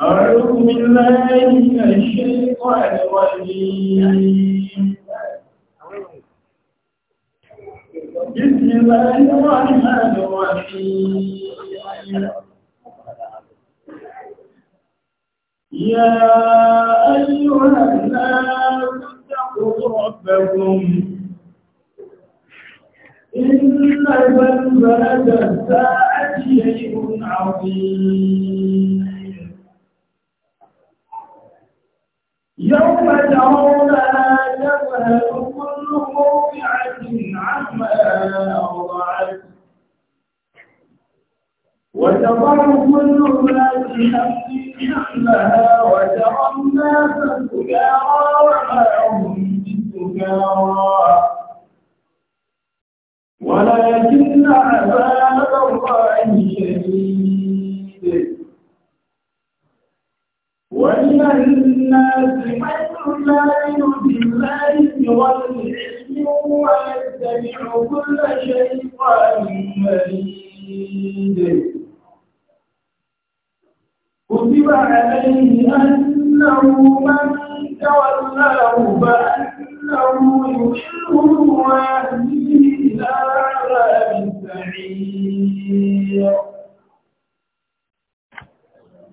بسم الله الرحمن الرحيم يا أيها الناس اتقوا ربكم إن زلزلة الساعة شيء عظيم يوم ترونها تذهب كل مرضعة عما أرضعت وتضع كل ذات حمل حملها وترى الناس سكارى وما هم بسكارى ولكن عذاب الله شديد وإلى الناس من لا يؤذي الله والعلم ويتبع كل شيطان مريد كتب عليه أنه من تولاه فأنه يحله ويهديه إلى عذاب السعير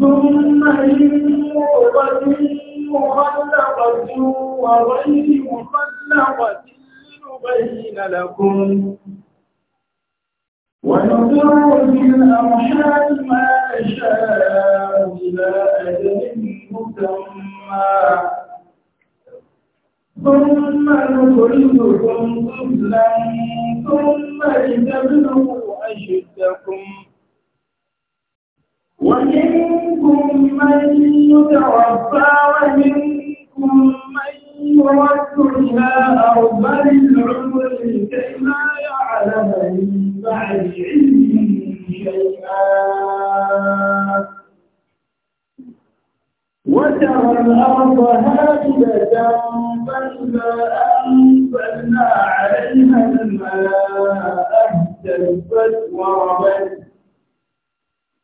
ثم إن موضة مخلقة وغير مخلقة لنبين لكم ونضع في ما شاء إلى أجل مسمى ثم نخرجكم طفلا ثم لتبلغوا أشدكم ومنكم من يتوفى ومنكم من يرد إلى أرض العمر كي لا يعلم من بعد علم شيئا وترى الأرض هامدة فإذا أنزلنا عليها الماء اهتزت وربت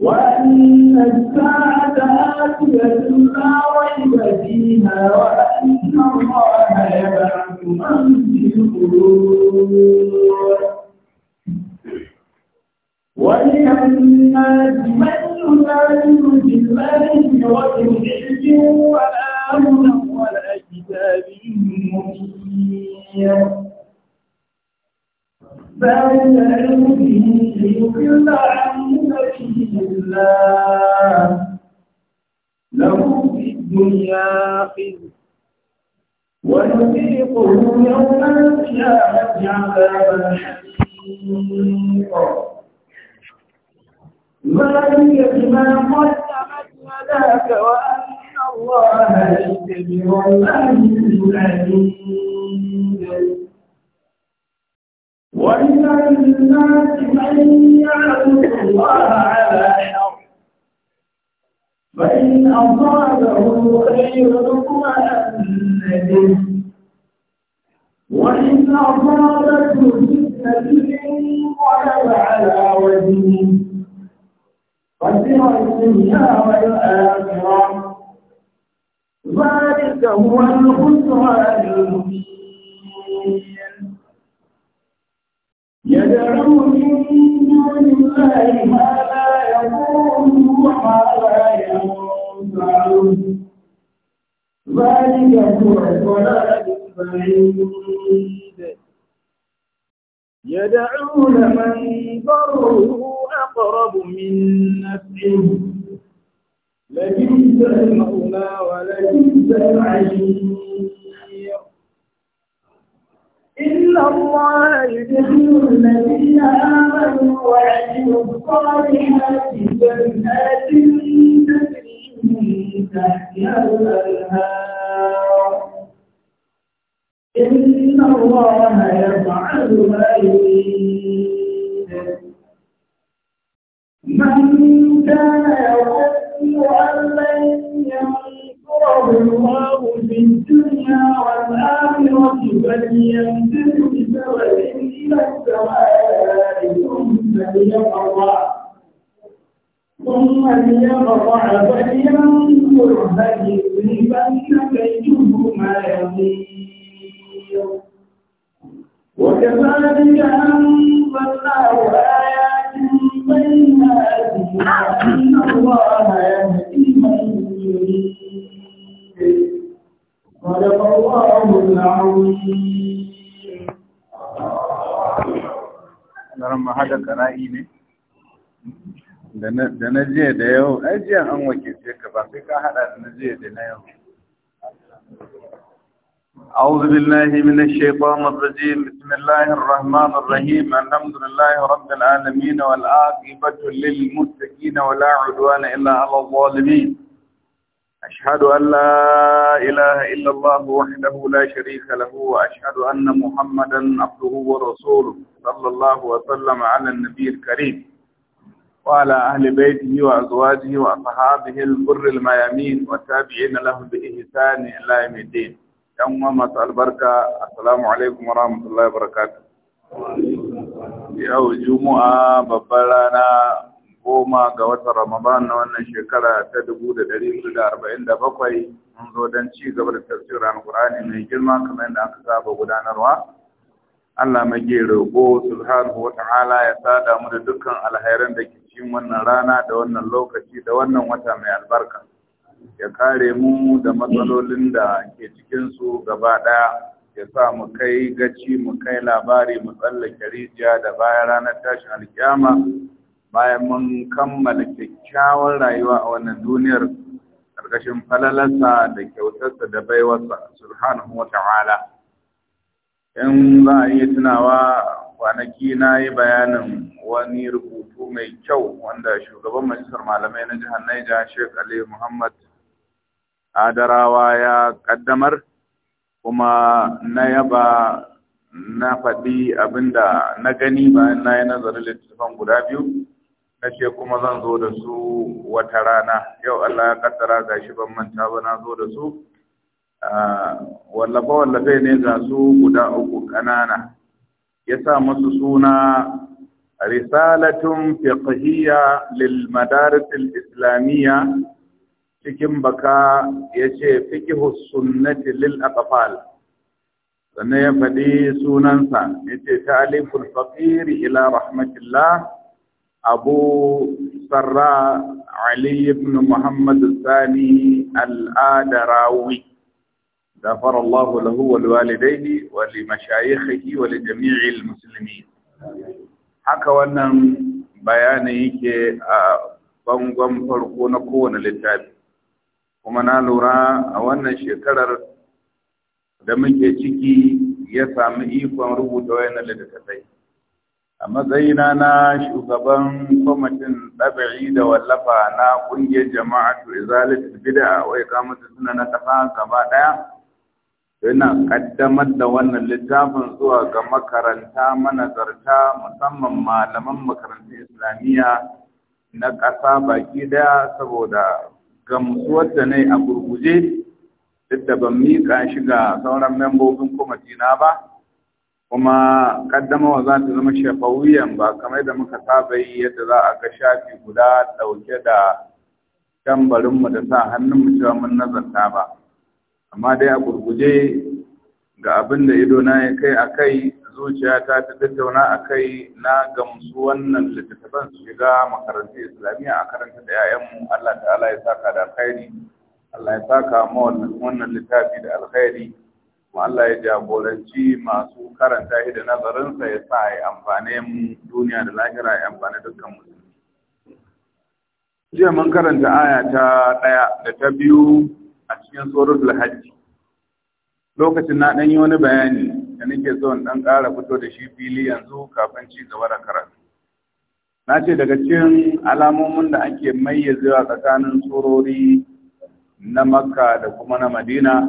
وأن الساعة آتية لا ريب فيها وأن الله يبعث من في القلوب وللناس من يجادل في الله وفي ولا هدى ولا كتاب ذلك العلم به ليضل عن سبيل الله له في الدنيا خزي ونذيقه يوم القيامة عذاب الحريق ذلك بما قدمت يداك وأن الله يتبع العزيز العليم ومن الناس من يعبد الله على حرف فإن أصابه خير اطمأن به وإن أصابته فتنة انقلب على وجهه خسر الدنيا والآخرة ذلك هو الخسران المبين من دون الله ما لا وما لا ينفعه ذلك هو البعيد يدعون من ضره أقرب من نفعه لبئس المولى ولبئس العشير إن الله يدخل الذين آمنوا وعملوا الصالحات جنات تجري من تحتها الأنهار إن الله يفعل ما يريد من كان يفقه الله في الدنيا والآخرة فليمتد بسبب إلى السماء ثم ليقطع ثم ليقطع فلينظر هل يذهبن كيده ما يغير وكذلك أنزلناه آيات بينات أن الله يهدي من يريد صدق الله العظيم ran ne da na jiya da yau an ka ba sai ka da na jiya da na yau أعوذ بالله من الشيطان الرجيم بسم الله الرحمن الرحيم الحمد لله رب العالمين والعاقبة للمتقين ولا عدوان إلا على الظالمين أشهد أن لا إله إلا الله وحده لا شريك له وأشهد أن محمدا عبده ورسوله صلى الله وسلم على النبي الكريم وعلى أهل بيته وأزواجه وأصحابه البر الميامين والتابعين له بإحسان إلى يوم الدين يوم ما البركة السلام عليكم ورحمة الله وبركاته yau juma'a babbar rana goma ga watan Ramadan na wannan shekara ta dubu da dari hudu da arba'in da bakwai mun zo don ci gaba da tafsirin Alƙur'ani mai girma kamar yadda aka saba gudanarwa. Allah mage roƙo subhanahu wa ta'ala ya sada mu da dukkan alhairan da ke cikin wannan rana da wannan lokaci da wannan wata mai albarka. Ya kare mu da matsalolin da ke su gaba ɗaya ya sa mu kai gaci mu kai labari mu tsallake rijiya da bayan ranar tashin alkiyama bayan mun kammala kyakkyawar rayuwa a wannan duniyar ƙarƙashin falalarsa da kyautarsa da baiwarsa subhanahu wa ta'ala in za a iya tunawa kwanaki na yi bayanin wani rubutu mai kyau wanda shugaban majalisar malamai na jihar Naija Sheikh Ali Muhammad Adarawa ya kaddamar kuma na yaba na faɗi abinda na gani bayan na yi nazarin littattafan guda biyu na kuma zan zo da su wata rana yau Allah ya kaddara ga shi ban manta ba na zo da su wallafa wallafe ne ga su guda uku ƙanana ya sa musu suna risalatun fiqhiyya lil madaris islamiyya cikin baka yace ce sunnati lil aqfal sannan ya faɗi sunansa yace ce ta aliful faqir ila rahmatillah أبو سراء علي بن محمد الثاني الآدراوي غفر الله له ولوالديه ولمشايخه ولجميع المسلمين haka wannan bayani yake a bangon farko na kowane littafi kuma na lura a wannan shekarar da muke ciki ya sami ikon rubuta wayannan littattafai a matsayina na shugaban kwamitin ɗabi'i da wallafa na ƙungiyar jama'atu izalatul bid'a ka mutu suna na ƙasa gaba ɗaya ina kaddamar da wannan littafin zuwa ga makaranta manazarta musamman malaman makarantar islamiyya na ƙasa baki ɗaya saboda gamsuwar da na yi a gurguje duk da ban miƙa shi ga sauran membobin kwamitina ba kuma wa za ta zama shafawiyan ba kamar da muka saba yi yadda za a ga shafi guda ɗauke da tambarinmu da sa hannunmu cewa mun nazarta ba amma dai a gurguje ga abin da ido na ya kai a kai zuciya ta ta tattauna a kai na gamsu wannan littattafan su shiga makarantar islamiyya a karanta da 'ya'yanmu allah ta'ala ya saka da alkhairi allah ya saka ma wannan littafi da alkhairi kuma Allah ya jagoranci masu karanta shi da nazarinsa ya sa ya amfane duniya da lahira ya amfane dukkan mu. Jiya mun karanta aya ta ɗaya da ta biyu a cikin suratul lahaji. Lokacin na ɗan yi wani bayani da nake so in ɗan ƙara fito da shi fili yanzu kafin ci gaba da karatu. Na ce daga cikin alamomin da ake mayyazewa tsakanin surori na Makka da kuma na Madina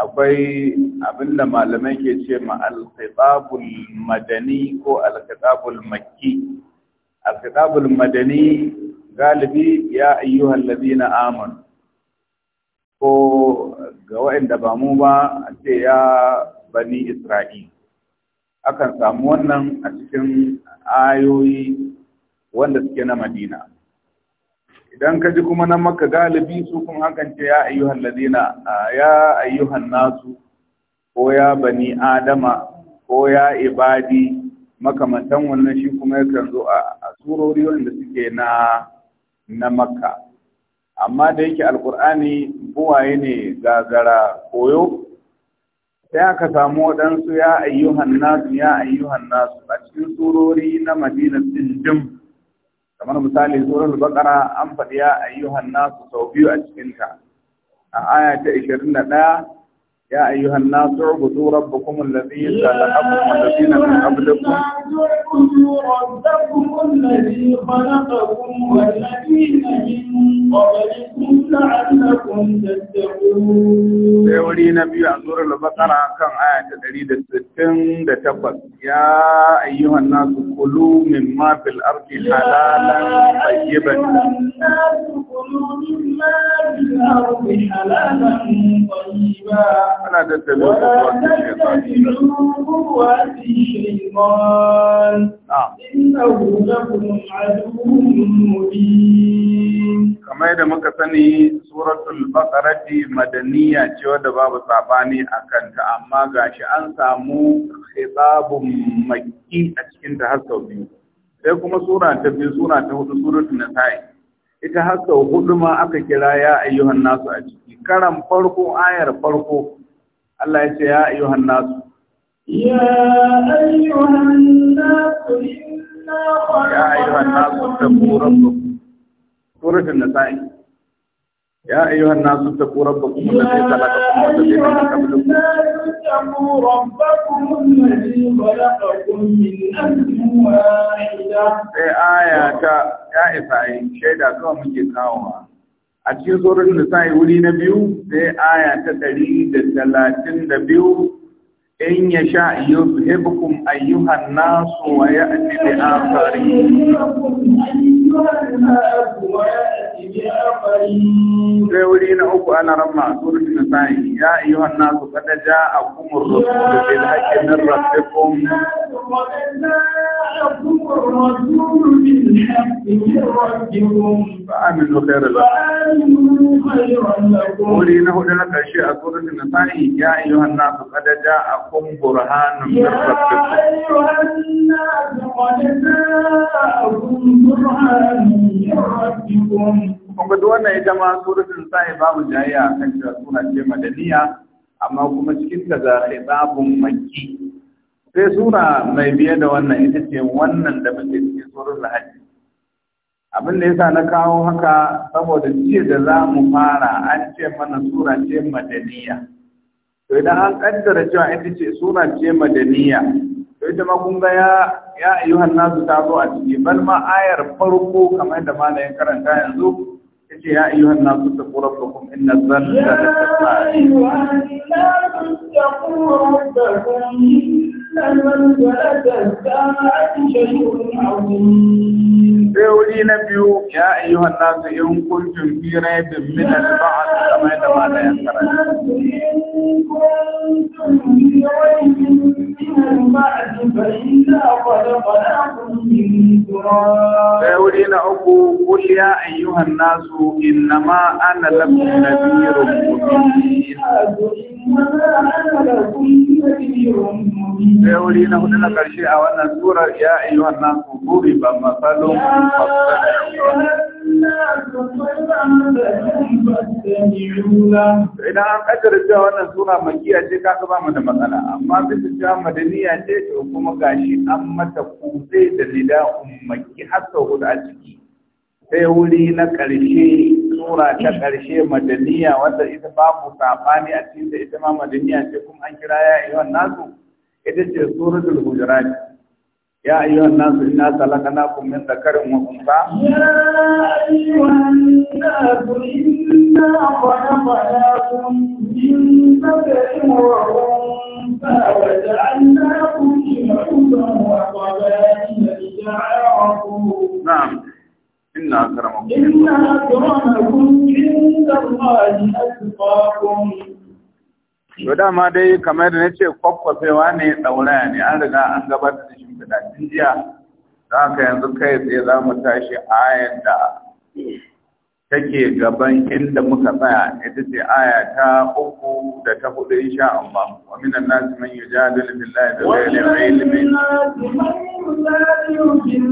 akwai abinda malamai ke ce ma khitabul madani ko khitabul makki khitabul madani galibi ya ayyuhal ladina amanu ko ga waɗanda ba mu ba a ce ya bani isra'il akan samu wannan a cikin ayoyi wanda suke na madina idan ka ji kuma na maka galibi su kun hakan ce ya ayyuhan ladina ya ayyuhan nasu ko ya bani adama ko ya ibadi makamantan wannan shi kuma yakan zo a surori wanda suke na na makka amma da yake alkur'ani buwaye ne gagara koyo sai aka samu waɗansu ya ayyuhan nasu ya ayyuhan nasu a cikin surori na madina tsindin kamar misali suratul baqara an faɗi ya ayyuhan nasu sau biyu a cikinta a aya ta 21 يا أيها الناس اعبدوا ربكم الذي خلقكم والذين من قبلكم ربكم الذي خلقكم والذين من قبلكم لعلكم تتقون سيولي نبي أنظر البقرة كم آية تدريد الستين دتبت يا أيها الناس كلوا مما في الأرض حلالا طيبا يا أيها الناس كلوا مما في الأرض حلالا طيبا ana daddalo Kamar yadda muka sani, suratul bakarati madaniya ce wadda babu sabani a kanta, amma ga shi an samu hisabun maki a cikinta har sau biyu. Sai kuma sura ta biyu, sura ta hudu, suratul na ita har hudu ma aka kira ya ayyuhan nasu a ciki. Karan farko, ayar farko, Allah ya ce ya ayyuhan nasu ya ayyuhan nasu inna ya ayyuhan nasu taqu rabbakum surah an-nisa ya ayyuhan nasu taqu rabbakum allati khalaqakum min nafsin wahidatin ay ayata ya isa shaida kawai muke kawo a cikin tsoron nisa'i wuri na biyu sai aya ta ɗari da talatin da biyu in ya sha yau hebukum ayyuhan nasu wa ya ake da afari sai wuri na uku ana ramma surutu na sayi ya ayyuhan nasu kada ja a kumur rasu da ke da hake na rafe kom ba a min zuwa da zafi wuri na hudu na karshe a surutu na sayi ya ayyuhan nasu kada ja a kumur جاءكم برهان من ربكم يا أيها الناس قد جاءكم برهان من ربكم kuma duk wannan ita ma suratul sa'i babu jayya kan cewa suna ce madaniya amma kuma cikin ta ga khitabun makki sai suna mai biye da wannan ita ce wannan da muke cikin suratul hajj abin da ya sa na kawo haka saboda jiya da za mu fara an ce mana sura ce madaniya to idan an kaddara cewa ita ce suna ce madaniya to ita ma kun ga ya ya ayyuhan nasu ta zo a ciki bal ma ayar farko kamar da malamin karanta yanzu yace ya ayyuhan nasu taqu rabbakum inna zalzalata sai wuri na biyu ya ayyuhan nasu in kuntum fi raibin min al kamar da malamin sai wuri na uku kul ya ayyuhan nasu innama ana lakum nadhirun mubin sai wuri na hudu na karshe a wannan turar ya ayi wannan kukuri ba matsalon idan an kaddara cewa wannan sura makiya ce ka ba mu da matsala amma bisa cewa madaniya ce kuma gashi an mata kuze da lida maki har hudu a ciki sai wuri na ƙarshe sura ta ƙarshe madaniya wanda ita babu saɓani a cikin da ita ma madaniya ce kuma an kira ya ayyuhan nasu ita ce suratul hujurat ya ayyuhan nasu inna salakanakum min wa unsa ya ayyuhan nasu inna khalaqnakum min dhakarin wa unsa wa ja'alnakum shu'uban wa qabaila na'am إن أكرمكم إن أكرمكم To dama dai kamar da na ce kwakwafewa ne ɗauraya ne an riga an gabatar da shimfiɗa jiya za ka yanzu kai tsaye za mu tashi ayan da take gaban inda muka tsaya ita ce aya ta uku da ta hudu sha Allah wa minan nas man yujadilu billahi bi ghairi ilmin wa minan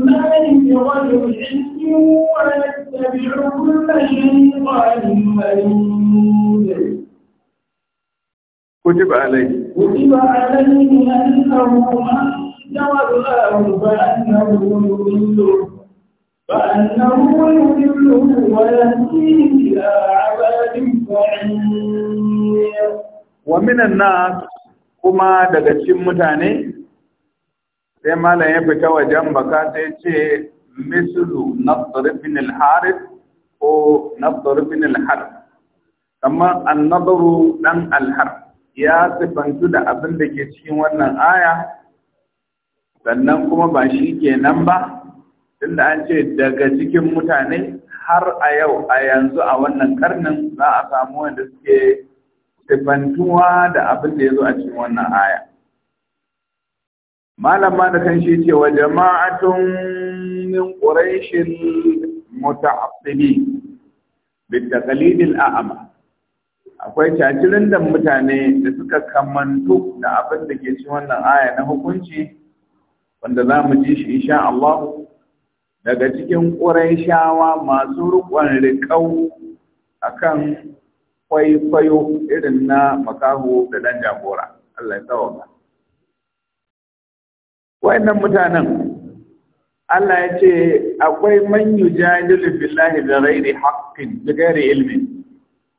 nas man kutiba alai kutiba alai man annahu ma dawa wa minan nas kuma daga cikin mutane sai malam ya fita wajen baka sai ce mislu nadr ibn al ko nadr ibn al harith amma an nadru dan al ya sifantu da abin da ke cikin wannan aya sannan kuma ba shi kenan ba tunda an ce daga cikin mutane har a yau a yanzu a wannan karnin za a samu wanda suke sifantuwa da abin da ya zo a cikin wannan aya ma da kan shi ce wa jama'atun min quraishin muta'assibi bi taqlidil a'ma akwai cacirin da mutane da suka kamantu da abin da ke ci wannan aya na hukunci wanda za mu ji shi insha Allah daga cikin ƙurayshawa masu rukun riƙau akan kwaikwayo irin na makaho da ɗan jagora Allah ya tsawaka wayannan mutanen Allah ya ce akwai man yujadilu billahi da rairi haqqin da ghairi ilmin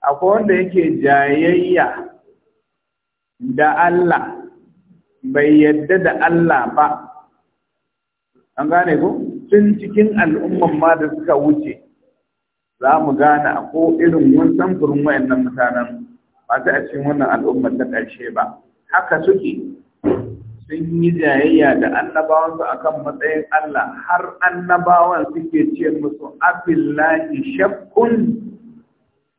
akwai wanda yake jayayya da Allah bai yadda da Allah ba an gane ko tun cikin al'umman ma da suka wuce za mu gane a ko irin wani samfurin wayannan mutanen ba a cikin wannan al'ummar ta ƙarshe ba haka suke sun yi jayayya da annabawansu a kan matsayin Allah har annabawan suke ce musu abillahi shakkun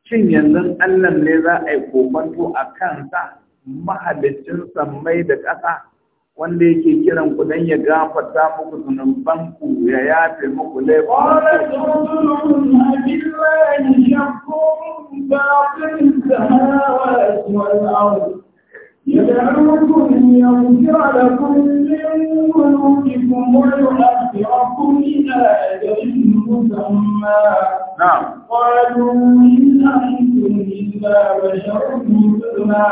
shin yanzu Allah ne za a yi kokonto a kansa mahalicin samai da ƙasa wanda yake kiran ku dan ya gafarta muku zunuban ku ya yafe muku laifin يدعوكم ليغفر لكم من ذنوبكم ويؤخركم إلى أجل مسمى نعم قالوا إن أنتم إلا بشر مثلنا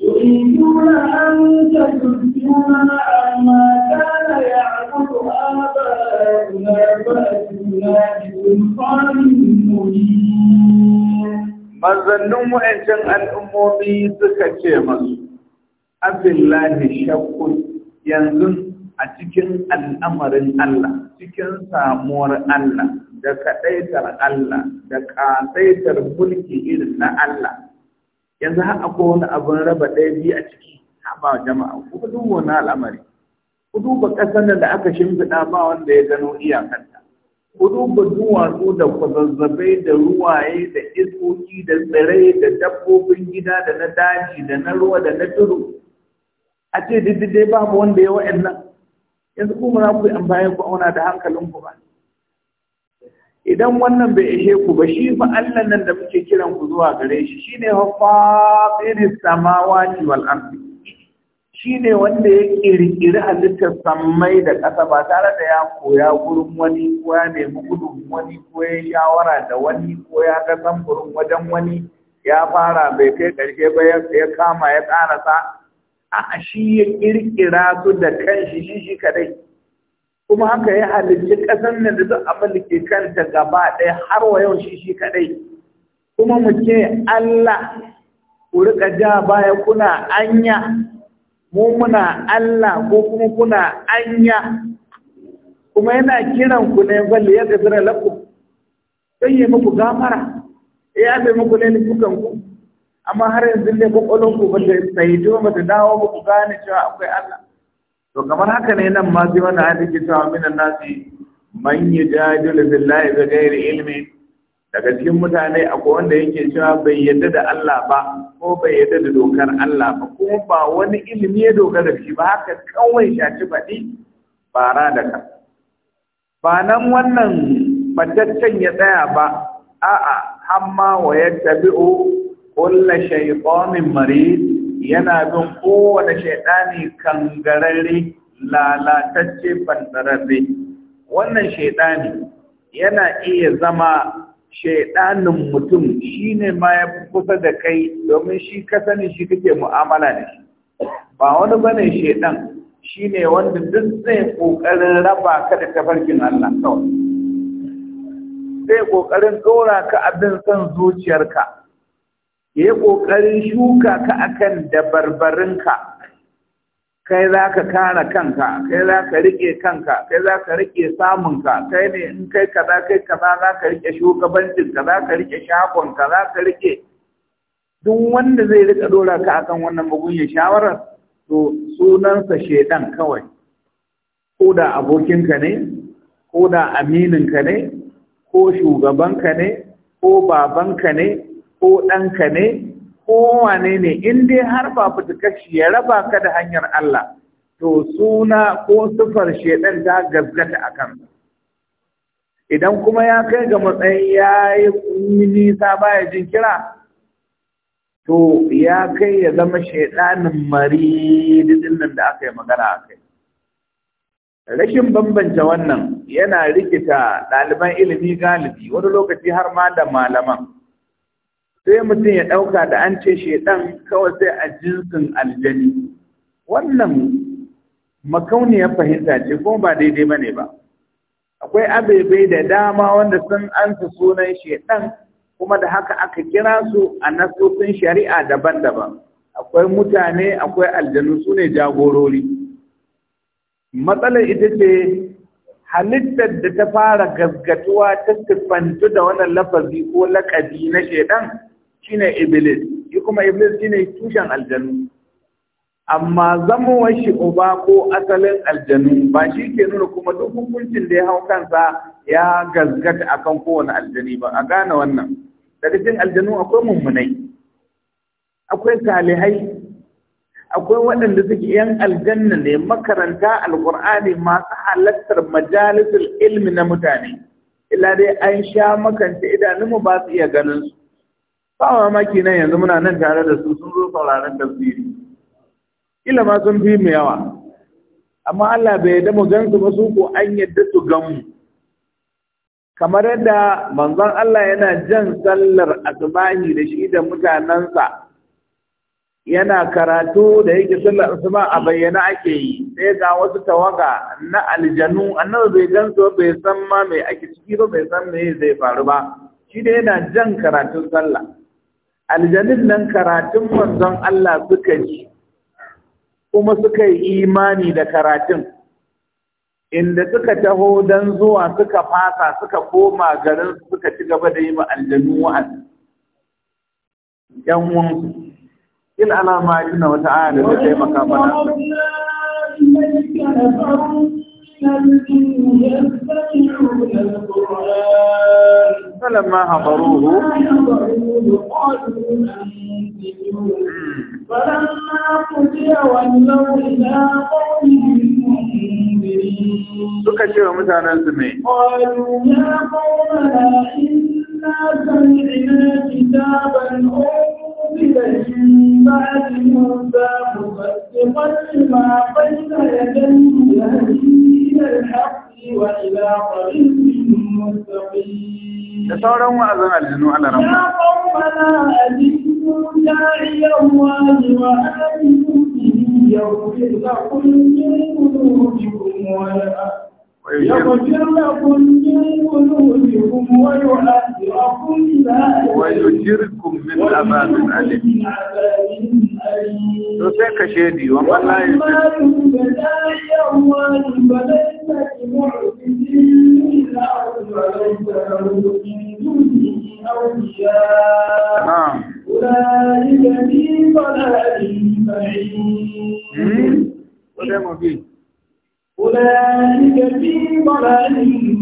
يريدون أن تكفرون عما كان يعبد آباؤنا فأتونا بسلطان مبين manzannin wa'ancin al'ummomi suka ce masu abillahi shakku yanzu a cikin al'amarin Allah cikin samuwar Allah da kaɗaitar Allah da ƙasaitar mulki irin na Allah yanzu haka ko wani abin raba ɗaya biyu a ciki ba jama'a ku duba wani al'amari ku duba ƙasar da aka shimfiɗa ba wanda ya gano iyakanta ku duba duwatsu da kwazazzabai da ruwaye da iskoki da tsirai da dabbobin gida da na daji da na ruwa da na tudu a ce diddidai babu wanda ya wa'in nan yanzu kuma za ku yi amfani ku auna da hankalin ku ba idan wannan bai ishe ku ba shi fa Allah nan da muke kiran ku zuwa gare shi shine fa fa'ir samawati wal ardi shi ne wanda ya ƙirƙiri halittar sammai da ƙasa ba tare da ya koya gurin wani ko ya nemi gudun wani ko ya shawara da wani ko ya ga samfurin wajen wani ya fara bai kai ƙarshe ba ya kama ya ƙarasa a shi ya ƙirƙira su da kanshi shi shi kadai kuma haka ya halicci ƙasar nan da duk abin da ke kanta gaba ɗaya har wa yau shi shi kadai kuma mu ce Allah ku riƙa ja baya kuna anya mu muna Allah ko kuma kuna anya kuma yana kiran ku ne bal ya gafira lakum sai yi muku gafara ya bai muku ne dukan ku amma har yanzu ne kolon ku ba sai to ba da dawo ku gane cewa akwai Allah to kamar haka ne nan ma sai wannan hadisi cewa minan nasi man yajadilu billahi bi ghairi ilmin daga cikin mutane akwai wanda yake cewa bai yadda da Allah ba ko bai yadda da dokar Allah ba kuma ba wani ilimi ya dogara da shi ba haka kawai shaci baɗi bara da ka ba nan wannan fataccen ya tsaya ba a'a hamma wa yattabi'u kulla shaytanin marid yana bin kowane kan kangararre lalatacce bandarabe. wannan shaytani yana iya zama shaidanin mutum shine ma ya fi kusa da kai domin shi ka sani shi kake mu'amala da shi ba wani bane shaidan shi ne wanda duk zai kokarin raba ka da tafarkin Allah kawai zai kokarin dora ka abin son zuciyarka ya yi kokarin shuka ka akan dabarbarinka kai za ka kare kanka kai za ka rike kanka kai za ka rike samunka kai ne in kai kaza kai kaza za ka rike shugabancinka za ka rike shagonka za ka rike duk wanda zai rika dora ka akan wannan mugunyar shawarar to sunansa shedan kawai ko da abokinka ne ko da aminin ka ne ko shugabanka ne ko babanka ne ko ɗanka ne kowane ne in dai har ba fitikashi ya raba ka da hanyar Allah to suna ko sufar shedan ta gaskata a kansa idan kuma ya kai ga matsayin ya yi nisa baya jin kira to ya kai ya zama shedanin mari nan da aka yi magana a kai rashin bambanta wannan yana rikita ɗaliban ilimi galibi wani lokaci har ma da malaman sai mutum ya ɗauka da an ce shaidan kawai sai a jinsin aljani wannan makauniyar fahimta ce ko ba daidai ba ne ba akwai abebe da dama wanda sun ansa sunan shaidan kuma da haka aka kira su a nasosin shari'a daban-daban akwai mutane akwai aljanu su ne jagorori matsalar ita ce halittar da ta fara gaggatuwa ta siffantu da wannan lafazi ko lakabi na shaidan shine iblis shi kuma iblis shine tushen aljanu amma zamowar shi uba ko asalin aljanu ba shi ke nuna kuma duk hukuncin da ya hau kansa ya gaskata akan kowane aljani ba a gane wannan daga cikin aljanu akwai mummunai akwai salihai akwai waɗanda suke yan aljanna ne makaranta alkur'ani masu halattar majalisul ilmi na mutane ila dai an sha makance idanunmu ba su iya ganin su ba mamaki nan yanzu muna nan tare da su sun zo sauraron tafsiri kila ma sun fi mu yawa amma Allah bai yarda mu gansu su ba su ko an yarda su gan mu kamar yadda manzon Allah yana jan sallar asbahi da shi da mutanansa yana karatu da yake sallar asuba a bayyana ake yi sai ga wasu tawaga na aljanu annabi bai gansu bai san ma mai ake ciki ba bai san me zai faru ba shi dai yana jan karatun sallah aljanin nan karatun manzon Allah suka yi. kuma suka yi imani da karatun inda suka taho dan zuwa suka fasa suka koma garin suka ci gaba da yi ma aljanu wa'azi yan uwansu in ana ma tuna wata aya da zai taimaka mana Sallan ma habaruhu Suka ce wa mutanen su mai. Ƙwaru ya ƙaura inna zan rina kitaban ohu. da بعد موسى مصدقا لما بين يديه sauran wa'azin aljinu ala ramu. Ya kawmana ajibu yau wani ويجركم من عذاب أليم sai ka shedi wa wallahi Na'am. Ulaika fi dalalin ba'id. Hmm? Wa da mabi. أولئك في ضلال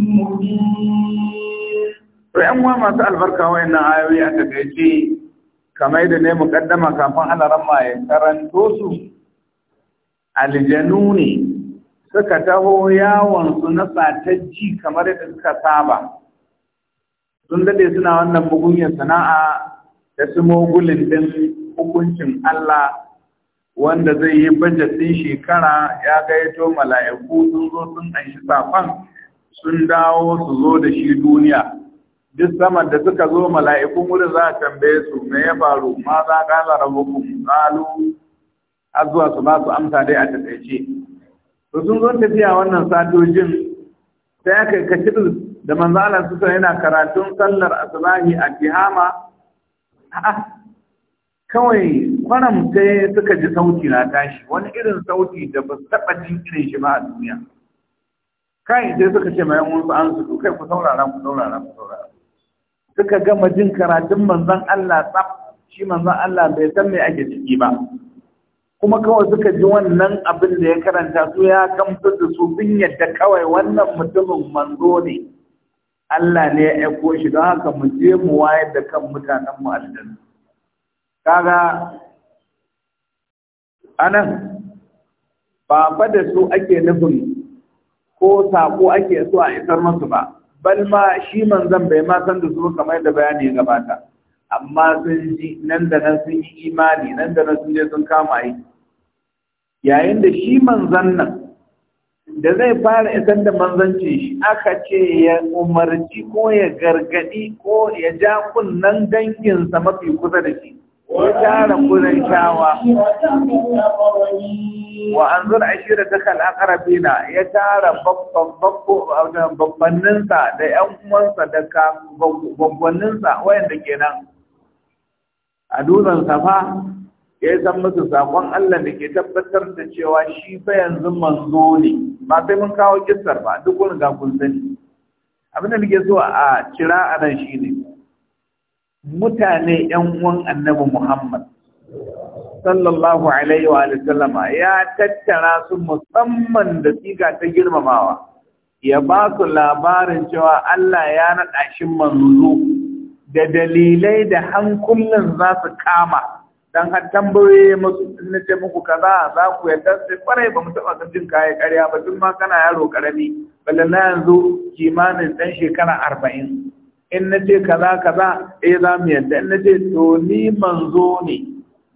مبين فإن ما سأل بركة وإن آيوية تدعيشي kamar yadda ne mukaddama kafin alarama ya karanto su aljanu ne suka taho yawonsu na tsataji kamar yadda suka saba sun dade suna wannan bugunyar sana'a da su mogulin din hukuncin Allah wanda zai yi budget shekara ya gaito mala'iku sun zo sun anshi safan sun dawo su zo da shi duniya duk saman da suka zo mala'ikun wurin za a tambaye su me ya faru ma za ka lara ku? tsalu azuwa su ba su amsa dai a taƙaice to sun zo tafiya wannan satojin sai aka kaci da manzo Allah su yana karatun sallar asbahi a Tihama kawai kwanan sai suka ji sauti na tashi wani irin sauti da ba su taɓa jin irin shi ba a duniya kai sai suka ce mai wasu an su kai ku saurara ku saurara ku saurara suka gama jin karatun manzon Allah tsaf shi manzon Allah bai san me ake ciki ba kuma kawai suka ji wannan abin da ya karanta su ya kamfar da su bin yadda kawai wannan mutumin manzo ne Allah ne ya aiko shi don haka mu je mu wayar da kan mutanen mu aljanna kaga anan ba fa da su ake nufin ko sako ake so a isar masu ba bal ma shi manzan bai ma san da su kamar da bayani ya gabata amma sun ji nan da nan sun yi imani nan da nan sun je sun kama yi yayin da shi manzan nan da zai fara isar da manzancin shi aka ce ya umarci ko ya gargadi ko ya ja kunnen danginsa mafi kusa da shi ya tara kudin kyawa. wa an zura ashira ta kal'akarabina ya tara babbanninsa da ‘yan uwansa da babbanninsa wayanda kenan a dutsen safa ya san musu saƙon Allah da ke tabbatar da cewa shi fa yanzu manzo ne ba sai mun kawo kisar ba duk wani ga kun abin da nake so a kira anan shi ne mutane ‘yan uwan annabi Muhammad sallallahu Alaihi wa sallama ya tattara su musamman da siga ta girmamawa, ya ba su labarin cewa Allah ya naɗa shi manzo da dalilai da hankulan za su kama don har tambaye masu na muku kaza za ku yadda sai kwarai ba mu taɓa kayan karya ba duk ma kana yaro ƙarami na yanzu kimanin ɗan shekara arba'in in na ce kaza kaza eh za mu yadda in na ce to ni manzo ne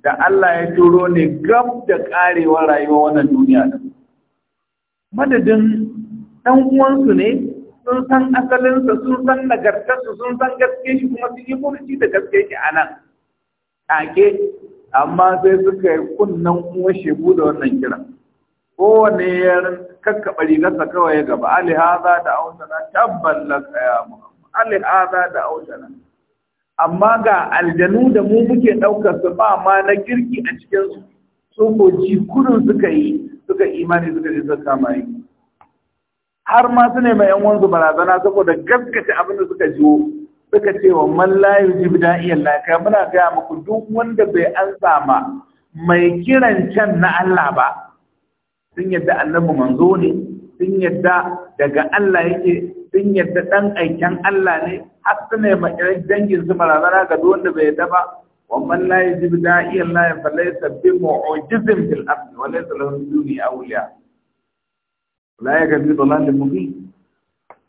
da Allah ya turo ni gab da karewar rayuwa wannan duniya da madadin dan uwansu ne sun san asalinsa sun san nagartarsa sun san gaske shi kuma sun yi da gaske shi a nan take amma sai suka yi kunnan kuma shebu da wannan kiran kowane ya kakkaɓa rigarsa kawai ya gaba alihaza da auna na ya muhammad alil aza da aujana amma ga aljanu da mu muke ɗaukar su ba ma na girki a cikin su su ko suka yi suka imani suka je zaka kama har ma su ne mai yan wanzu barazana saboda gaskata abin da suka jiwo suka ce wa man la yujib da'iyan kai muna gaya muku duk wanda bai ansa ma mai kiran can na Allah ba sun yadda annabi manzo ne sun yadda daga Allah yake sun yadda ɗan aiken Allah ne har su ne makirar dangin su barazana ga wanda bai yadda ba wannan layi zibi da iya layi falai sabbin mu'ujizin fil ardi wa laysa lahu min duni awliya la ya gabi dalalin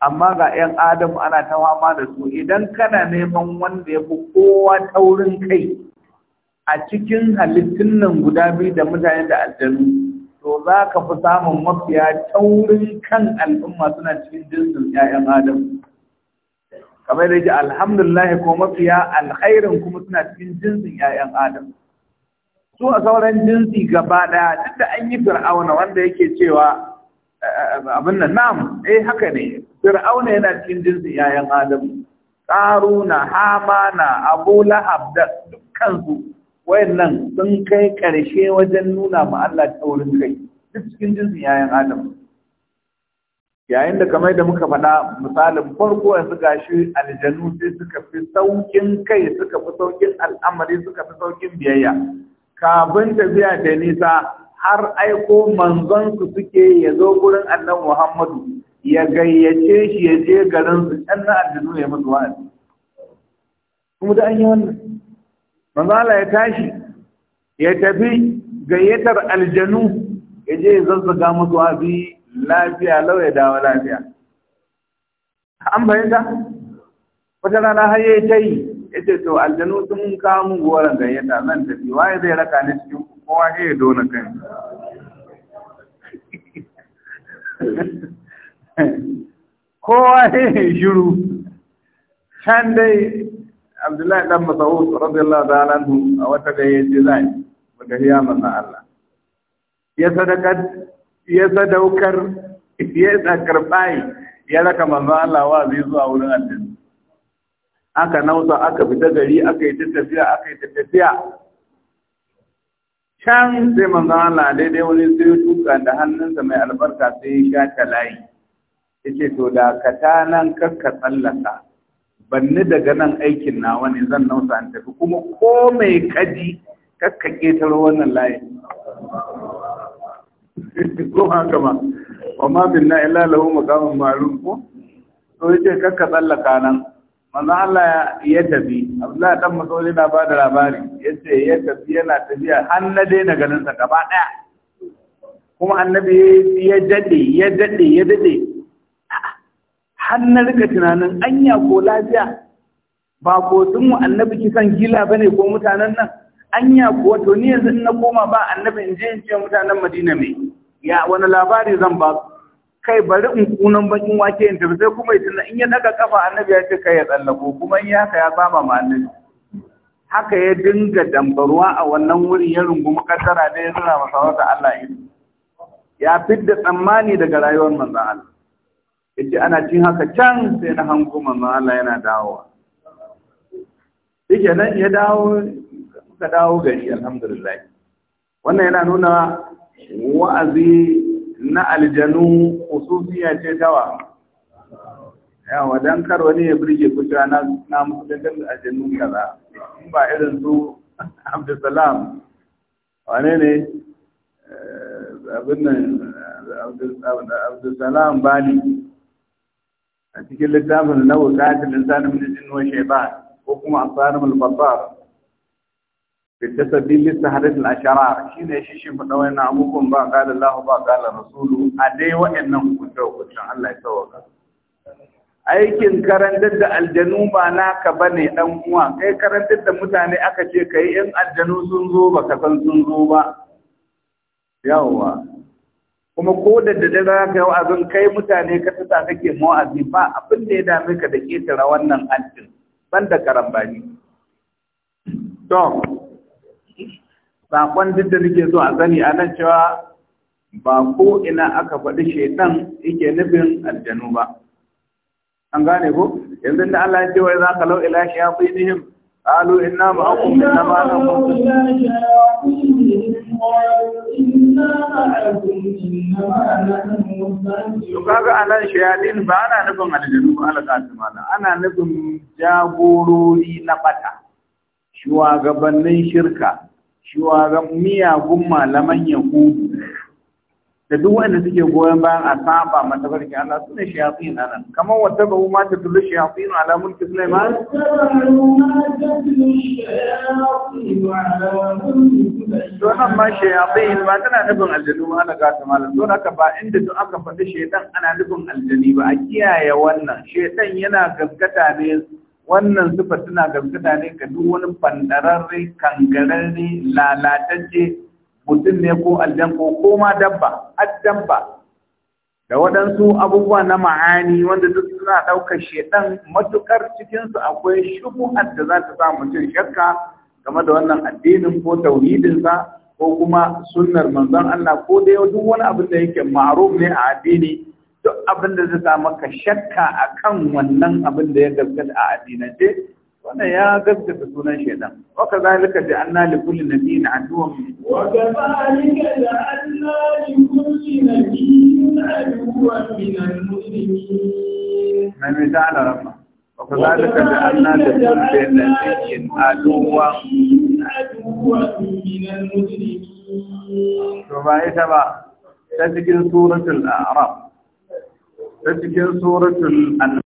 amma ga 'yan adam ana ta fama da su idan kana neman wanda ya fi kowa taurin kai a cikin halittun nan guda biyu da mutane da aljanu to za ka fi samun mafiya taurin kan al'umma suna cikin jinsin ‘ya'yan Adam. Kamar da yake alhamdulillah ko mafiya alkhairin kuma suna cikin jinsin ‘ya'yan Adam. Su a sauran jinsi gaba ɗaya duk da an yi fir'auna wanda yake cewa eh, abin nan nam eh haka ne fir'auna yana cikin jinsin ‘ya'yan Adam. Ƙaruna, Hamana, Abu Lahab da su wayannan sun kai ƙarshe wajen nuna ma Allah taurin kai duk cikin jinsin yayin Adam yayin da kamar da muka faɗa misalin farko yanzu gashi aljanu sai suka fi saukin kai suka fi saukin al'amari suka fi saukin biyayya kafin tafiya da nisa har aiko manzon su suke ya zo gurin annan Muhammadu ya gayyace shi ya je garin su ɗan na aljanu ya mutu wa'azi kuma da an yi wannan manzo Allah ya tashi ya tafi gayyatar aljanu ya je zazzaga musu abi lafiya lau ya dawo lafiya an bayyana wata rana har yayi ya yace to aljanu sun kawo mun goran gayyata zan tafi waye zai raka ni cikin kowa ne ya dona kai kowa ne shiru can dai abdullahi dan mas'ud radiyallahu ta'ala anhu a wata da yace zai baka hiya manzo Allah ya sadaka ya sadaukar ya zakar bai ya raka manzo Allah wa zai zuwa wurin aljanna aka nausa aka fita gari aka yi tafiya aka yi tafiya can sai manzo Allah daidai wani sai tuka da hannunsa mai albarka sai ya sha talayi yace to da ka ta nan kakka tsallaka banni daga nan aikin nawa ne zan nausa an tafi kuma ko mai kaji kakka ƙetare wannan layi ko haka ma wa ma na ila lahu maqamun ma'lum ko to yace kakka tsallaka nan manzo Allah ya tafi Abdullahi dan ne na bada labari yace ya tafi yana tafiya har na daina ganin sa gaba daya kuma annabi ya dade ya dade ya dade har na rika tunanin anya ko lafiya ba ko mu annabi kisan gila bane ko mutanen nan anya ko to ni yanzu na koma ba annabi in je in ce mutanen Madina me ya wani labari zan ba kai bari in kunan bakin wake in tafi sai kuma idan in ya daga kafa annabi ya ce kai ya tsallako kuma in ya haka ya ba ma annabi haka ya dinga dambarwa a wannan wuri ya rungumi kaddara da ya zura masa wata Allah ya fidda tsammani daga rayuwar manzon Allah yace ana cin haka can sai na hangu manzo Allah yana dawowa yake nan ya dawo ka dawo gari alhamdulillah wannan yana nuna wa'azi na aljanu khususiya ce tawa yawa dan kar wani ya birge kuta na na musulun aljanu kaza in ba irin su Abdulsalam wane ne eh, abin nan Abdulsalam Bali a cikin littafin na wuƙatin lisanin mijin wa shaitan ko kuma asarin al-basar fitta sabbin lissa hadisin ashara shi ne shi shin faɗa wani abubuwan ba da lahu ba da Rasulu a dai waɗannan hukunce hukuncin Allah ya sauwaka. Aikin karantar da aljanu ba naka ba ne ɗan uwa, kai karantar da mutane aka ce ka yi ‘yan aljanu sun zo ba ka san sun zo ba. Yawwa, kuma ko da da za ka yi wa'azin kai mutane ka tsata kake mawa'azi ba abin da ya dame ka da ketara wannan addin ban da karambani to sakon duk da nake so a sani a nan cewa ba ko ina aka faɗi shaitan yake nufin aljanu ba an gane ko yanzu da Allah ya ce wai za ka lau ila shayatinihim قالوا إنا معكم إنما نقول kaga anan shayadin ba ana nufin aljanu ba ana nufin jagorori na ɓata, shugabannin shirka shugaban miyagun malaman yahudu da duk wanda suke goyon bayan a saba mata Allah su ne shayatin nan kamar wata ba ma ta tulu shayatin ala mulki Sulaiman to nan ma shayatin ba tana nufin aljanu ma ana gata malam don haka ba inda duk aka faɗi shaytan ana nufin aljani ba a kiyaye wannan shaytan yana gaskata ne wannan sifa tana gaskata ne ga duk wani bandararre kangararre lalatacce mutum ne ko aljan ko koma dabba addamba da waɗansu abubuwa na ma'ani wanda duk suna ɗaukar shedan matukar cikinsu akwai shubuhar da za ta sa mutum shakka game da wannan addinin ko tauhidinsa ko kuma sunnar manzon Allah ko dai duk wani abin da yake ma'ruf ne a addini duk abin da zai sa maka shakka akan wannan abin da ya gaskata a addinance وانا يا قبل شيئا وكذلك جعلنا لكل نبي عدوا وكذلك جعلنا لكل نبي عدوا من المسلمين من جعل ربنا وكذلك جعلنا لكل نبي عدوا عدوا من المسلمين ثم ايش بقى؟ تسجل سورة الأعراف تسجل سورة الأنفال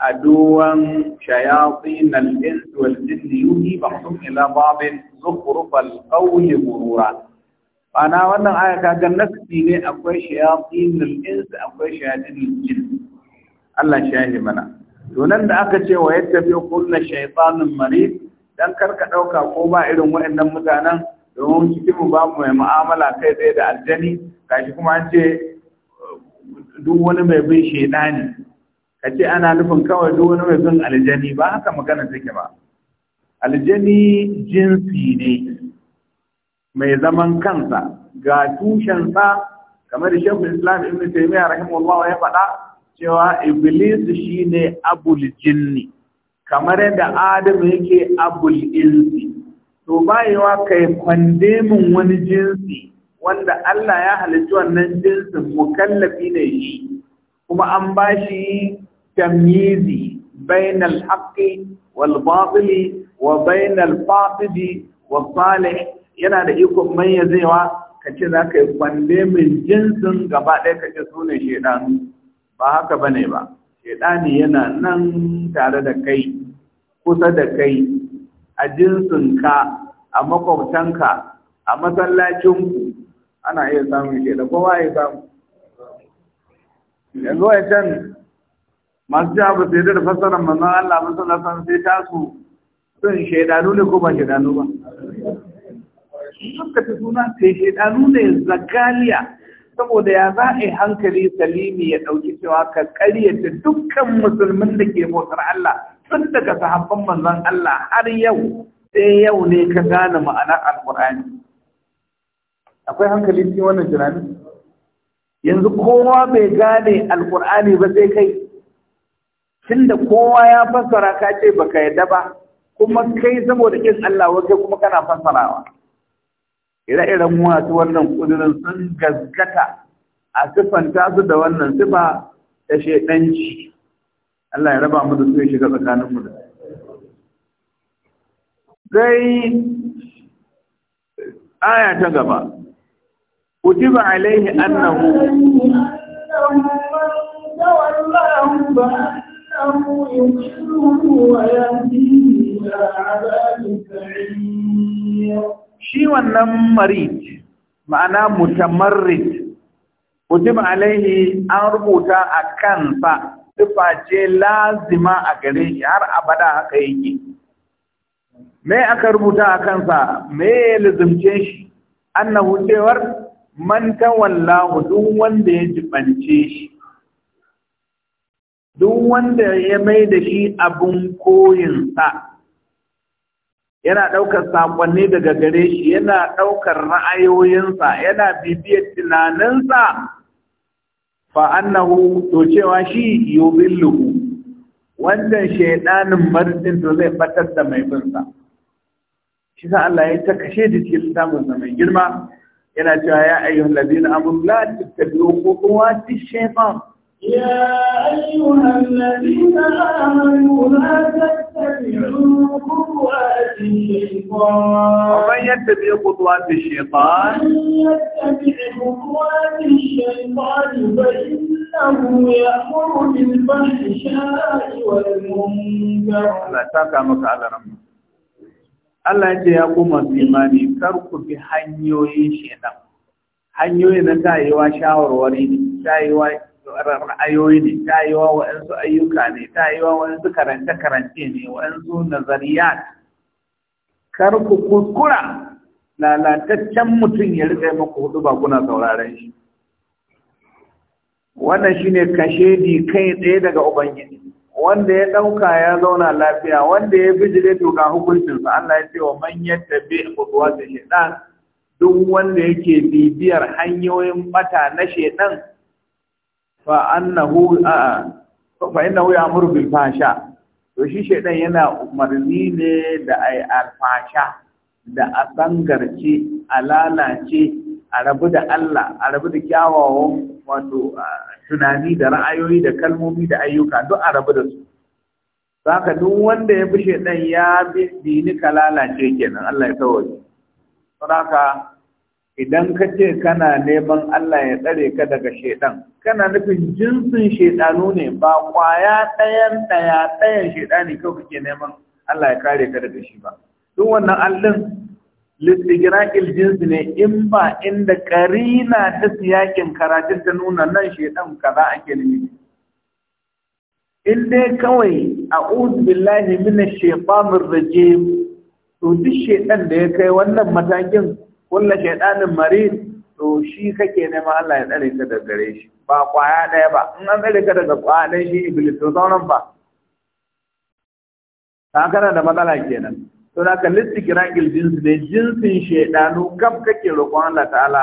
عدوا شياطين الإنس والجن يوحي بعضهم إلى بعض زخرف القول غرورا ana wannan aya kaga nafsi ne akwai shayatinul ins akwai shayatinul jin Allah shahi mana to da aka ce wa yattabi kullu shaytanin marid dan karka ɗauka ko ba irin waɗannan mutanen domin cikin mu ba mu mai ma'amala kai tsaye da aljani kashi kuma an ce duk wani mai bin shaydani ka ce ana nufin kawai duk wani mai bin aljani ba haka magana take ba aljani jinsi ne mai zaman kansa ga tushensa kamar da shekul islam ibn taymiya rahimahullah ya faɗa cewa iblis shine abul jinni kamar yadda adam yake abul insi to bayewa kai kwandemin wani jinsi wanda Allah ya halicci wannan jinsin mukallafi ne shi kuma an bashi shi tamyizi bainal haqqi wal batili wa bainal fasidi wa salih yana da ikon mayyazewa ka ce za ka yi kwande min jinsin gaba ɗaya ka ce su ne ba haka ba ne ba ne yana nan tare da kai kusa da kai a jinsin ka, a makwabtanka a masallacin ku, ana iya samun shaida kowa ya samu yanzu wajen masu cewa ba su yadda da fassarar manzon Allah ba sallallahu alaihi wasallam sai tasu sun shaidanu ne ko ba shaidanu ba suka ta suna sai shaidanu ne zakaliya saboda ya za a yi hankali salimi ya ɗauki cewa ka ƙaryata dukkan musulmin da ke motsar Allah tun daga sahabban manzon Allah har yau sai yau ne ka gane ma'anar alƙur'ani akwai hankali cikin wannan tunanin yanzu kowa bai gane alƙur'ani ba sai kai tunda kowa ya fassara ka ce baka yadda ba kuma kai saboda kin Allah wai kuma kana fassarawa ire-iren wasu wannan kudurin sun gaskata a siffanta su da wannan sifa ta shedanci Allah ya raba mu da su ya shiga tsakanin mu da sai aya ta gaba kutiba alaihi annahu Shi wannan marid ma'ana mutamarit mutum alaihi an rubuta a kansa tufa lazima a gare shi har abada haka yake me aka rubuta a kansa me ya lazimce shi annahu cewar man tawallahu duk wanda ya jibance shi duk wanda ya mai da shi abin koyinsa yana ɗaukar saƙonni daga gare shi yana ɗaukar ra'ayoyinsa yana bibiyar tunaninsa fa annahu to cewa shi yubilluhu wannan shaidanin martin to zai batar da mai binsa shi sa Allah ya ta kashe da cikin samun mai girma yana cewa ya ayyuhallazina ladina la tattabi'u khutuwati shaytan ومن يتبع خطوات الشيطان فإنه يأمر بالفحشاء والمنكر لا تكامك على ربك Allah ya ce ya kuma zimani karku bi hanyoyin shaidan, hanyoyin na tayewa shawarwari ne, tayewa ra'ayoyi ne ta yi wa wa'ansu ayyuka ne ta yi wa wa'ansu karance-karance ne wa'ansu nazariyat kar ku kuskura lalataccen mutum ya riƙa maku hudu ba kuna sauraren shi wannan shine kashedi kai tsaye daga ubangiji wanda ya ɗauka ya zauna lafiya wanda ya fi jire ga hukuncinsa Allah ya ce wa a yattabi da shaidan duk wanda yake bibiyar hanyoyin bata na shaidan fa annahu fa ya muru bil to shi shaidan yana umarni ne da ai alfasha da a sangarce a lalace a rabu da Allah a rabu da kyawawan wato tunani da ra'ayoyi da kalmomi da ayyuka duk a rabu da su saka duk wanda ya bi shaidan ya bi ni ka lalace kenan Allah ya saboda idan ka ce kana neman Allah ya tsare ka daga shaidan kana nufin jinsin shaidanu ne ba kwaya ɗayan ɗaya ɗayan shaidani kawai kake neman Allah ya kare ka daga shi ba duk wannan allin listigiraƙil jinsi ne in ba inda karina ta siyakin karatun ta nuna nan shaidan kaza ake nufi in dai kawai a billahi minash shaitanir rajim to duk shaidan da ya kai wannan matakin kulla shaidanin marid to shi kake nema Allah ya tsare ka daga gare shi ba kwaya ɗaya ba in an tsare ka daga kwaya ɗaya shi iblis to sauran ba ta kana da matsala kenan to da ka listi kira jinsi ne jinsin shaidanu kaf kake roƙon Allah ta'ala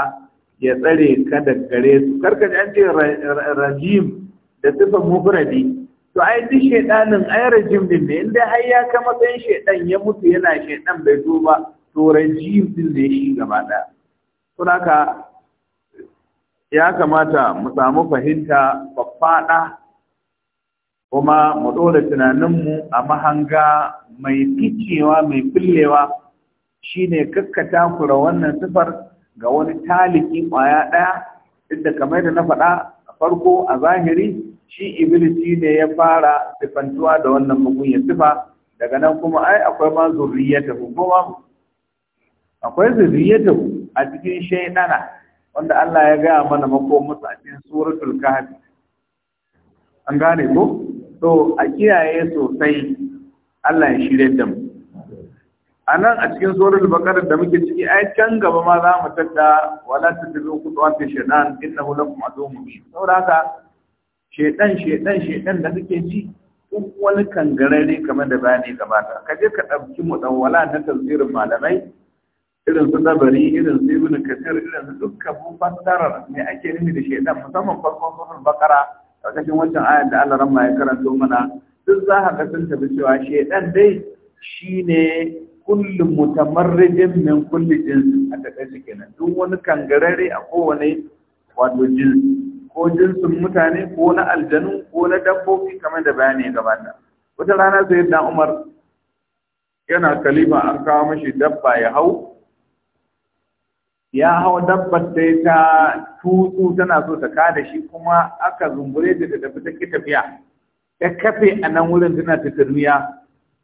ya tsare ka daga gare su karka ji an ce rajim da sifan mufradi to ai duk shedanin ai rajim din ne inda har ya kama matsayin shaidan ya mutu yana shaidan bai zo ba turai jirgin din da ya shi gaba ɗaya. suna haka ya kamata mu samu fahimta faffaɗa kuma mu ɗora tunaninmu a mahanga mai ficewa mai fillewa shine kakkata kura wannan sifar ga wani taliki ƙwaya ɗaya inda kamar da na faɗa a farko a zahiri shi ibilisi ne ya fara sifantuwa da wannan mugun ya sifa daga nan kuma ai akwai ma zurriyata kuma akwai zuriyatu a cikin shaydana wanda Allah ya gaya mana mako musu a cikin suratul kahf an gane ko to a kiyaye sosai Allah ya shirye da mu a nan a cikin suratul baqara da muke ciki ai can gaba ma za mu tadda wala tadlu qudwat shaytan innahu lakum aduwwun mubin saboda haka shaytan shaytan shaytan da kake ji wani kangarare kamar da bayani gabata ka je ka dauki mu dan wala na tafsirin malamai irin su nabari irin su ibn kasir irin su dukkan mun fassarar me ake nufi da shaidan musamman farkon sunan bakara karkashin wancan ayar da Allah ramma ya karanto mana duk za ka ga sun tafi cewa shaidan dai shine kullum mutamarrijin min kulli jins a takaice kenan duk wani kangarare a kowane wato jins ko jinsin mutane ko na aljanu ko na dabbobi kamar da bayani ya gabata wata rana sai dan Umar yana kalima an kawo mashi dabba ya hau ya hau dabbar da ta tutu tana so ta kada shi kuma aka zumbure ta ta tafi ta tafiya ta kafe a nan wurin tana ta tarmiya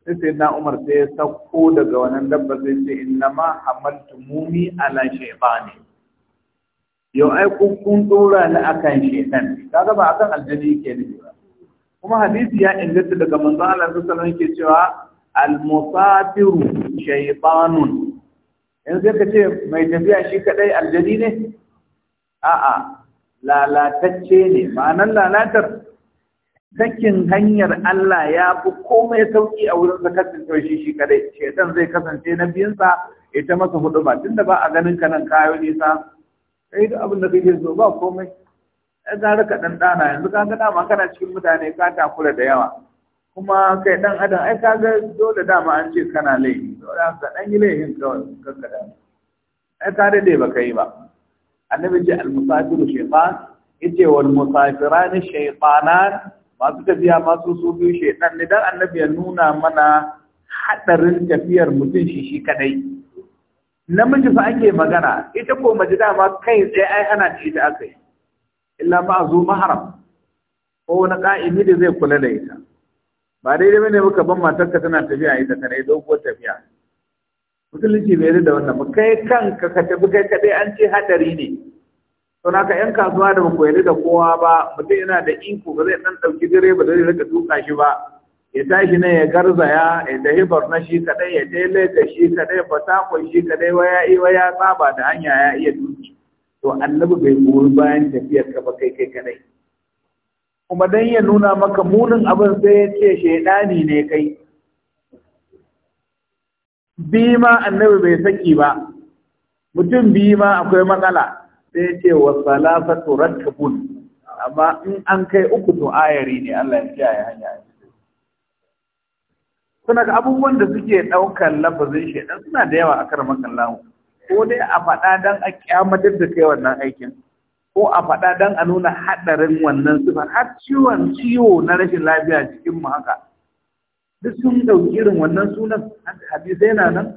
sai sai na umar sai ya sauko daga wannan dabbar sai ce inna ma hamaltu mumi ala ne. yau ai kun kun dora ni akan shaytan kaga ba akan aljani yake ne ba kuma hadisi ya inganta daga manzo Allah sallallahu alaihi yake cewa al-musafiru shaytanun yanzu sai ka ce mai tafiya shi kaɗai aljani ne a'a lalatacce ne ma'anan lalatar sakin hanyar Allah ya fi komai sauki a wurin sa kasance shi shi kadai shedan zai kasance na biyunsa ita masa hudu ba tunda ba a ganin ka nan kayo nisa kai duk abin da kake so ba komai ya gara ka dan dana yanzu ka ga dama kana cikin mutane ka takura da yawa kuma kai dan adam ai kaga dole dama an ce kana laifi dole ka dan yi laifin kawai kanka da ai ka dade ba kai ba annabi ce al musafiru shaytan yace wal musafiran shaytanan masu tafiya masu su biyu shaytan ne dan annabi ya nuna mana hadarin tafiyar mutum shi shi kadai namiji fa ake magana ita ko da dama kai sai ai ana ci da akai illa ma zo maharam ko wani ka'imi da zai kula da ita ba daidai bane muka ban matarka tana tafiya ita kana yi doguwar tafiya musulunci bai yarda da wannan ba kai kanka ka tafi kai kadai an ce hadari ne to ka yan kasuwa da ba ku da kowa ba mutum yana da iko ba zai dan dauki direba da zai rika tuka shi ba ya tashi ne ya garzaya ya hibar barna shi kadai ya dai lagos shi kadai fatakon shi kadai waya iya waya saba da hanya ya iya duki to annabi bai goyi bayan tafiyar ka ba kai kai kadai kuma don ya nuna maka munin abin sai ya ce shaidani ne kai Bima annabi bai saki ba mutum bima akwai matsala sai ya ce wa salasatu rattabun amma in an kai uku to ayari ne Allah ya kiyaye hanya suna ga abubuwan da suke ɗaukar lafazin shaidan suna da yawa a makallahu ko dai a faɗa dan a kyamatar da kai wannan aikin ko a faɗa don a nuna haɗarin wannan sifar har ciwon ciwo na rashin lafiya cikin mu haka duk sun ɗauki irin wannan sunan hadisai na nan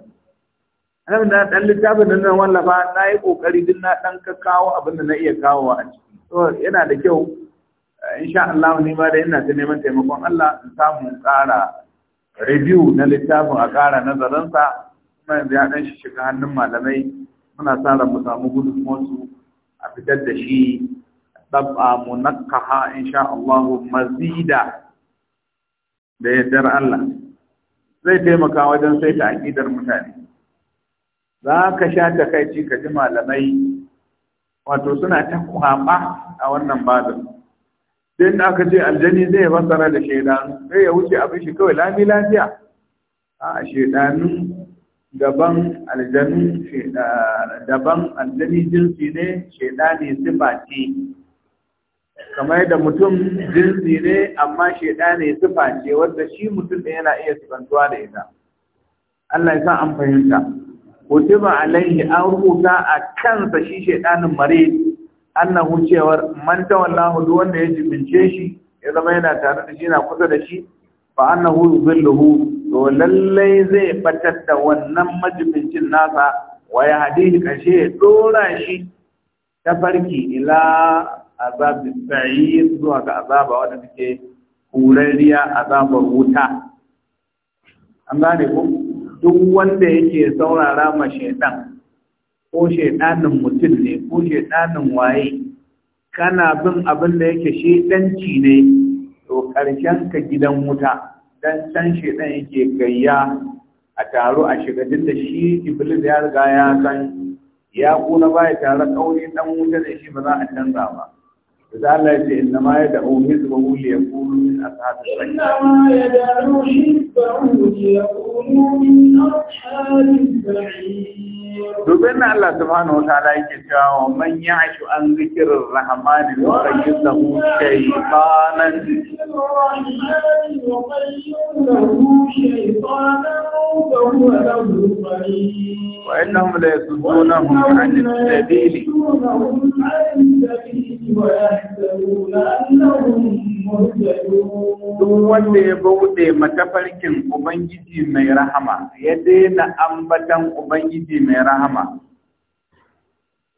annabi na ɗan littafin da nan wallafa na yi ƙoƙari duk na ɗan ka kawo abin da na iya kawo a ciki to yana da kyau sha Allah ne ba da ina ta neman taimakon Allah in samu ƙara review na littafin a ƙara nazarinsa kuma yanzu ya ɗan shiga hannun malamai muna sa ran mu samu gudunmuwarsu a fitar da shi ɗab'a munakkaha insha Allah mazida da yardar Allah zai taimaka wajen sai ta aƙidar mutane za ka sha takaici ka ji malamai wato suna ta kwaɓa a wannan babin sai da aka ce aljani zai fassara da shaidan sai ya wuce abin shi kawai lami lafiya a shaidanin daban aljani jinsi ne shaidani sifa kamar da mutum jinsi ne amma shaidani ne ce wanda shi mutum da yana iya sifantuwa da ita Allah ya san an fahimta kutiba alaihi an rubuta a kansa shi shedanin mare annahu cewar man tawallahu duk wanda ya jibince shi ya zama yana tare da shi yana kusa da shi fa annahu yudilluhu to lallai zai batar da wannan majibincin nasa wa ya hadihi kashe ya dora shi ta farki ila azab sa'id zuwa ga azaba wanda take kurariya azabar wuta an gane ku duk wanda yake saurara ma shaiɗan, ko shaidanin mutum ne ko shaidanin waye kana bin abin da yake shaidanci ne ƙarshen ka gidan wuta dan san shi dan yake gayya a taro a shiga duk da shi iblis ya riga ya san ya kuna ba ya tare kauri dan wuta da shi ba za a canza ba Allah ya ya ce inna ma da'u الله يقول إنما يدعو حزبه ليكون من أصحاب السعير إنما يدعو حزبه ليكون من أصحاب السعير domin na Allah subhanahu wa ta'ala yake cewa man ya'shu an zikrir rahman yuqayyid lahu shaytanan wa innahum la yasuddunahum 'an as-sabili wa yahsabuna annahum Duk wanda ya bauɗe matafarkin Ubangiji mai rahama, ya daina ambatan Ubangiji mai rahama,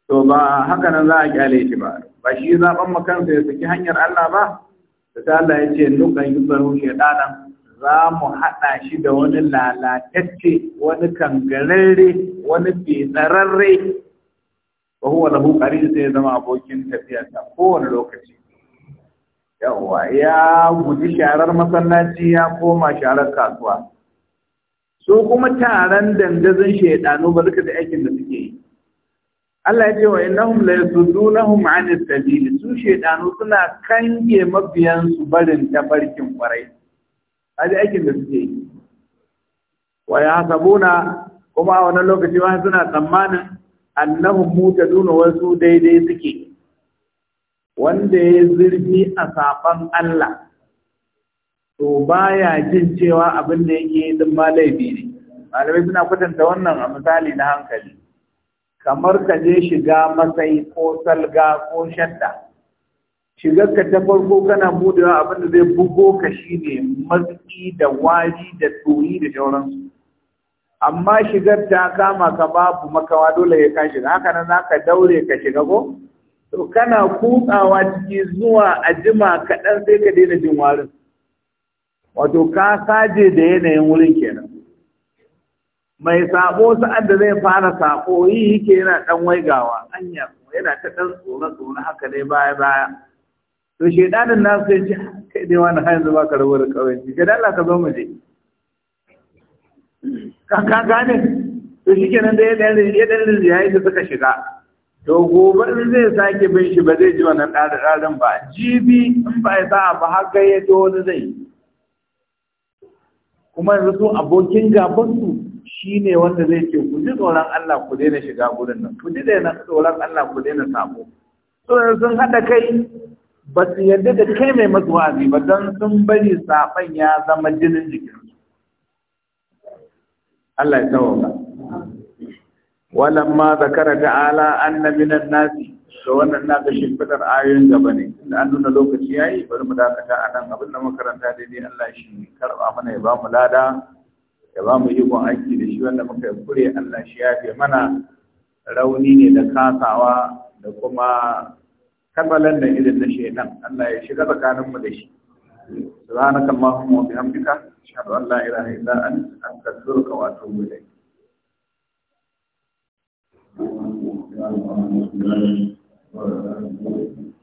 to ba haka nan za a kyale shi ba, ba shi zaɓen makansa ya saki hanyar Allah ba, da ta Allah ya ce nukan yi baro ɗanan, za mu haɗa shi da wani lalatacce, wani kangararre, wani fitsararre, ba huwa da hukari sai zama abokin tafiyarsa kowane lokaci. yawa ya guji sharar masallaci ya koma sharar kasuwa su kuma taron dangazin shaidanu ba duka da aikin da suke yi Allah ya ce wa innahum la yasudunahum an as su shaidanu suna kange mabiyan su barin tafarkin kwarai aje aikin da suke yi wa yasabuna kuma a wani lokaci ma suna tsammanin annahum mutaduna wasu daidai suke yi. wanda ya zurfi a kafan Allah to baya jin cewa abin da yake din ma laifi ne malamai suna kwatanta wannan a misali na hankali kamar ka je shiga masai ko salga ko shadda shigar ka ta farko kana budewa abin da zai bugo ka shi ne matsi da wari da tsoyi da sauransu amma shigar ta kama ka babu makawa dole ya kashi, haka nan ka daure ka shiga ko to kana kutsawa ciki zuwa a jima kaɗan sai ka daina jin warin wato ka saje da yanayin wurin kenan mai sabo sa'ad da zai fara sabo yi yake yana ɗan waigawa anya yana ta ɗan tsoron tsoron haka ne baya baya to shaidanin na sai ji kai dai wani hanyar ba ka rabu da kawai ga dalla ka zo mu je ka ka gane to kenan da ya ɗan ya ya yi da suka shiga to gobe in zai sake bin shi ba zai ji wannan ɗarin ba jibi in ba ya sa ba har gayyato wani zai kuma yanzu su abokin gabansu shi ne wanda zai ce ku ji tsoron Allah ku daina shiga gurin nan ku ji daina tsoron Allah ku daina sabo so sun haɗa kai ba su yarda da kai mai masu wa'azi ba don sun bari saɓan ya zama jinin jikinsu Allah ya tawo walamma zakara ta'ala anna minan nasi to wannan na ga shimfidar ayoyin gaba ne inda an nuna lokaci yayi bari mu dakata a nan abin da makaranta daidai Allah shi karba mana ya ba mu lada ya ba mu ikon aiki da shi wanda muka yi kure Allah shi ya fi mana rauni ne da kasawa da kuma kamalan da irin na shenan Allah ya shiga tsakanin mu da shi allahumma wa bihamdika ashhadu an la ilaha illa anta astaghfiruka wa atubu ilayk Bismillahirrahmanirrahim.